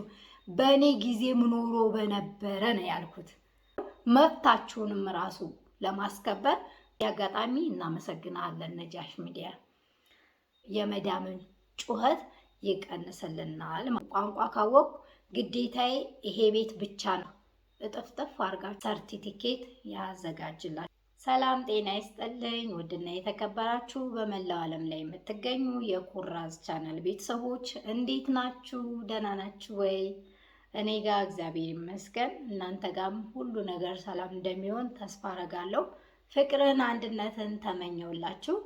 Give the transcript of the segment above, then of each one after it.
ያላችሁ በእኔ ጊዜ ምኖሮ በነበረ ነው ያልኩት። መብታችሁንም ራሱ ለማስከበር አጋጣሚ እናመሰግናለን። ነጃሽ ሚዲያ የመዳምን ጩኸት ይቀንስልናል። ቋንቋ ካወቅኩ ግዴታዬ ይሄ ቤት ብቻ ነው። እጥፍጥፍ አርጋ ሰርቲፊኬት ያዘጋጅላል። ሰላም ጤና ይስጥልኝ። ውድና የተከበራችሁ በመላው ዓለም ላይ የምትገኙ የኩራዝ ቻናል ቤተሰቦች እንዴት ናችሁ? ደህና ናችሁ ወይ? እኔ ጋር እግዚአብሔር ይመስገን፣ እናንተ ጋርም ሁሉ ነገር ሰላም እንደሚሆን ተስፋ አረጋለሁ። ፍቅርን፣ አንድነትን ተመኘውላችሁ።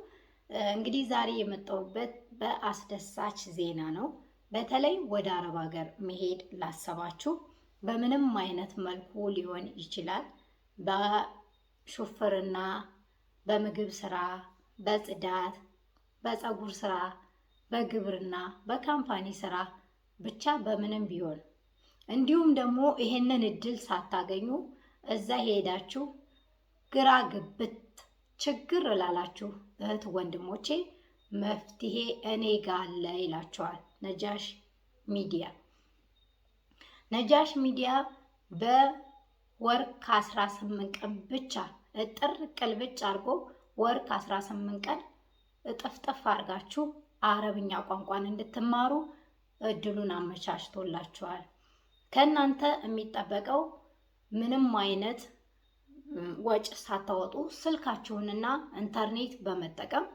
እንግዲህ ዛሬ የመጣሁበት በአስደሳች ዜና ነው። በተለይ ወደ አረብ ሀገር መሄድ ላሰባችሁ በምንም አይነት መልኩ ሊሆን ይችላል ሹፍርና፣ በምግብ ስራ፣ በጽዳት፣ በፀጉር ስራ፣ በግብርና፣ በካምፓኒ ስራ ብቻ በምንም ቢሆን እንዲሁም ደግሞ ይሄንን እድል ሳታገኙ እዛ ሄዳችሁ ግራ ግብት ችግር እላላችሁ እህት ወንድሞቼ መፍትሄ እኔ ጋለ አለ ይላቸዋል ነጃሽ ሚዲያ። ነጃሽ ሚዲያ በወር ከ 18 ቀን ብቻ እጥር ቅልብጭ አድርጎ ወር 18 ቀን እጥፍጥፍ አድርጋችሁ አረብኛ ቋንቋን እንድትማሩ እድሉን አመቻችቶላችኋል። ከእናንተ የሚጠበቀው ምንም አይነት ወጪ ሳታወጡ ስልካችሁንና ኢንተርኔት በመጠቀም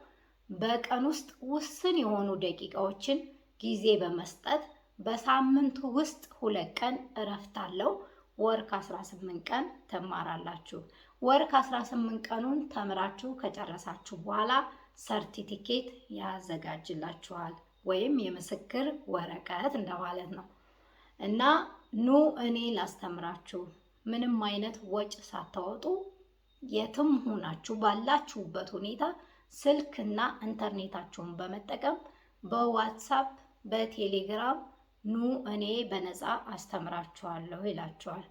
በቀን ውስጥ ውስን የሆኑ ደቂቃዎችን ጊዜ በመስጠት በሳምንቱ ውስጥ ሁለት ቀን እረፍት አለው ወር ከ18 ቀን ትማራላችሁ። ወር ከ18 ቀኑን ተምራችሁ ከጨረሳችሁ በኋላ ሰርቲፊኬት ያዘጋጅላችኋል ወይም የምስክር ወረቀት እንደማለት ነው። እና ኑ እኔ ላስተምራችሁ ምንም አይነት ወጭ ሳታወጡ የትም ሆናችሁ ባላችሁበት ሁኔታ ስልክ እና ኢንተርኔታችሁን በመጠቀም በዋትሳፕ በቴሌግራም ኑ እኔ በነፃ አስተምራችኋለሁ ይላችኋል።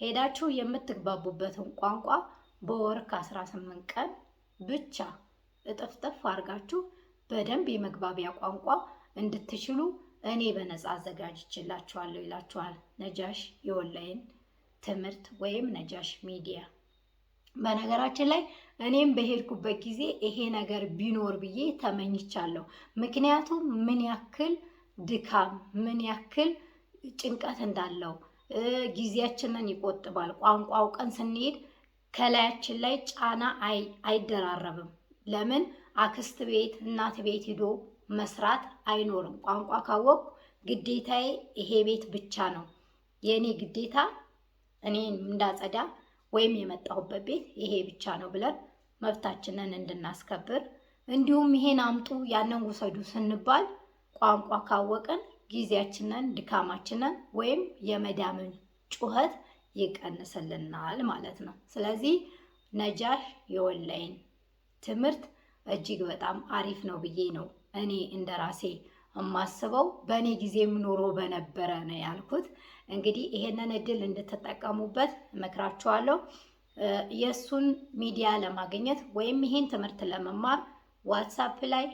ሄዳችሁ የምትግባቡበትን ቋንቋ በወር ከ18 ቀን ብቻ እጥፍጥፍ አድርጋችሁ በደንብ የመግባቢያ ቋንቋ እንድትችሉ እኔ በነፃ አዘጋጅችላችኋለሁ ይላችኋል። ነጃሽ የኦንላይን ትምህርት ወይም ነጃሽ ሚዲያ። በነገራችን ላይ እኔም በሄድኩበት ጊዜ ይሄ ነገር ቢኖር ብዬ ተመኝቻለሁ። ምክንያቱም ምን ያክል ድካም ምን ያክል ጭንቀት እንዳለው ጊዜያችንን ይቆጥባል። ቋንቋ አውቀን ስንሄድ ከላያችን ላይ ጫና አይደራረብም። ለምን አክስት ቤት እናት ቤት ሂዶ መስራት አይኖርም። ቋንቋ ካወቅ ግዴታዬ ይሄ ቤት ብቻ ነው የእኔ ግዴታ እኔ እንዳጸዳ ወይም የመጣሁበት ቤት ይሄ ብቻ ነው ብለን መብታችንን እንድናስከብር እንዲሁም ይሄን አምጡ ያንን ውሰዱ ስንባል ቋንቋ ካወቅን ጊዜያችንን ድካማችንን ወይም የመዳምን ጩኸት ይቀንስልናል ማለት ነው። ስለዚህ ነጃሽ የኦንላይን ትምህርት እጅግ በጣም አሪፍ ነው ብዬ ነው እኔ እንደ ራሴ የማስበው በእኔ ጊዜም ኑሮ በነበረ ነው ያልኩት። እንግዲህ ይሄንን እድል እንድትጠቀሙበት እመክራችኋለሁ። የእሱን ሚዲያ ለማግኘት ወይም ይሄን ትምህርት ለመማር ዋትሳፕ ላይ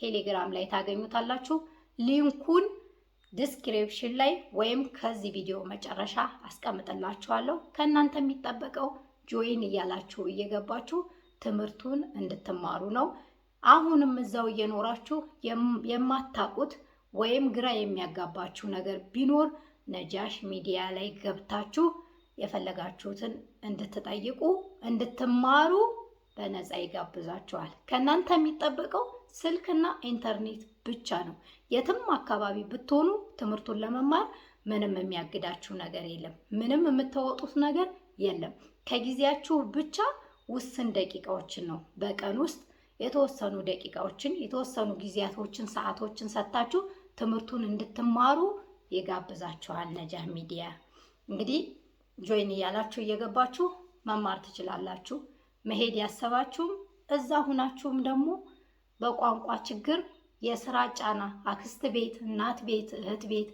ቴሌግራም ላይ ታገኙታላችሁ። ሊንኩን ዲስክሪፕሽን ላይ ወይም ከዚህ ቪዲዮ መጨረሻ አስቀምጥላችኋለሁ። ከእናንተ የሚጠበቀው ጆይን እያላችሁ እየገባችሁ ትምህርቱን እንድትማሩ ነው። አሁንም እዛው እየኖራችሁ የማታውቁት ወይም ግራ የሚያጋባችሁ ነገር ቢኖር ነጃሽ ሚዲያ ላይ ገብታችሁ የፈለጋችሁትን እንድትጠይቁ እንድትማሩ በነፃ ይጋብዛችኋል። ከእናንተ የሚጠበቀው ስልክና ኢንተርኔት ብቻ ነው። የትም አካባቢ ብትሆኑ ትምህርቱን ለመማር ምንም የሚያግዳችሁ ነገር የለም። ምንም የምታወጡት ነገር የለም። ከጊዜያችሁ ብቻ ውስን ደቂቃዎችን ነው በቀን ውስጥ የተወሰኑ ደቂቃዎችን የተወሰኑ ጊዜያቶችን ሰዓቶችን ሰጥታችሁ ትምህርቱን እንድትማሩ ይጋብዛችኋል። ነጃህ ሚዲያ እንግዲህ ጆይን እያላችሁ እየገባችሁ መማር ትችላላችሁ። መሄድ ያሰባችሁም እዛ ሁናችሁም ደግሞ በቋንቋ ችግር፣ የስራ ጫና፣ አክስት ቤት፣ እናት ቤት፣ እህት ቤት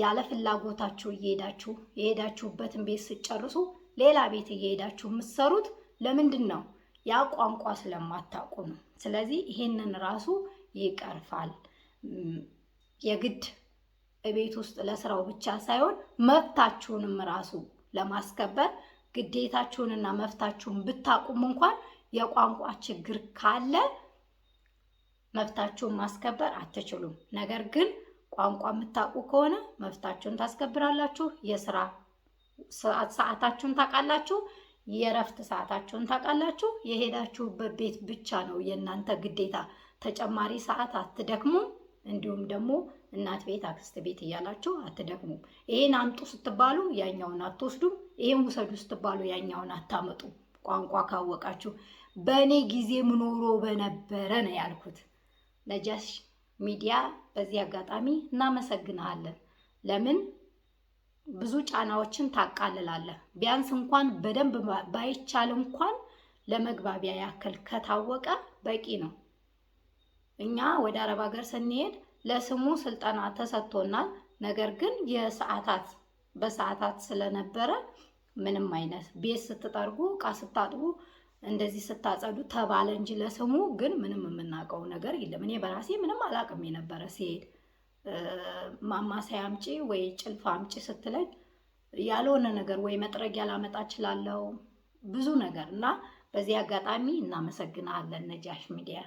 ያለ ፍላጎታችሁ እየሄዳችሁ የሄዳችሁበትን ቤት ስጨርሱ ሌላ ቤት እየሄዳችሁ የምትሰሩት ለምንድን ነው? ያ ቋንቋ ስለማታውቁ ነው። ስለዚህ ይሄንን ራሱ ይቀርፋል። የግድ ቤት ውስጥ ለስራው ብቻ ሳይሆን መብታችሁንም ራሱ ለማስከበር ግዴታችሁንና መብታችሁን ብታቁም እንኳን የቋንቋ ችግር ካለ መብታችሁን ማስከበር አትችሉም። ነገር ግን ቋንቋ የምታውቁ ከሆነ መብታችሁን ታስከብራላችሁ። የስራ ሰዓታችሁን ታውቃላችሁ። የእረፍት ሰዓታችሁን ታውቃላችሁ። የሄዳችሁበት ቤት ብቻ ነው የእናንተ ግዴታ። ተጨማሪ ሰዓት አትደክሙም። እንዲሁም ደግሞ እናት ቤት፣ አክስት ቤት እያላችሁ አትደክሙም። ይሄን አምጡ ስትባሉ ያኛውን አትወስዱም። ይሄን ውሰዱ ስትባሉ ያኛውን አታመጡ። ቋንቋ ካወቃችሁ በእኔ ጊዜ ምኖሮ በነበረ ነው ያልኩት። ነጃሽ ሚዲያ በዚህ አጋጣሚ እናመሰግናለን። ለምን ብዙ ጫናዎችን ታቃልላለህ። ቢያንስ እንኳን በደንብ ባይቻል እንኳን ለመግባቢያ ያክል ከታወቀ በቂ ነው። እኛ ወደ አረብ ሀገር ስንሄድ ለስሙ ስልጠና ተሰጥቶናል። ነገር ግን የሰዓታት በሰዓታት ስለነበረ ምንም አይነት ቤት ስትጠርጉ፣ እቃ ስታጥቡ እንደዚህ ስታጸዱ ተባለ እንጂ ለስሙ ግን ምንም የምናውቀው ነገር የለም። እኔ በራሴ ምንም አላቅም የነበረ ሲሄድ ማማሳያ አምጪ ወይ ጭልፍ አምጪ ስትለኝ ያልሆነ ነገር ወይ መጥረጊያ ላመጣ እችላለሁ ብዙ ነገር እና በዚህ አጋጣሚ እናመሰግናለን ነጃሽ ሚዲያ